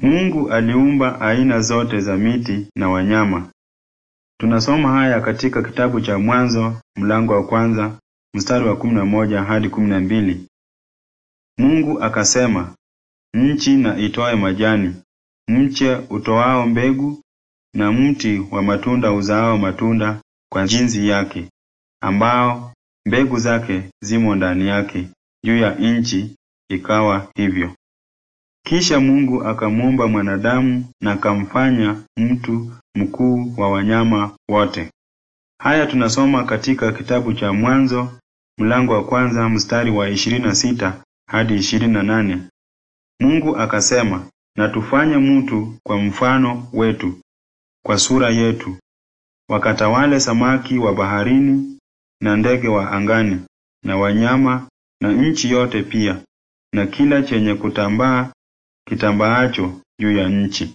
Mungu aliumba aina zote za miti na wanyama. Tunasoma haya katika kitabu cha Mwanzo mlango wa kwanza mstari wa kumi na moja hadi kumi na mbili. Mungu akasema, nchi na itoe majani, mche utoao mbegu, na mti wa matunda uzaao matunda kwa jinsi yake, ambao mbegu zake zimo ndani yake, juu ya nchi; ikawa hivyo. Kisha Mungu akamuumba mwanadamu na akamfanya mtu mkuu wa wanyama wote. Haya tunasoma katika kitabu cha Mwanzo mlango wa kwanza mstari wa ishirini sita hadi nane. Mungu akasema, na tufanye mtu kwa mfano wetu, kwa sura yetu, wakatawale samaki wa baharini na ndege wa angani na wanyama na nchi yote pia na kila chenye kutambaa Kitambaacho juu ya nchi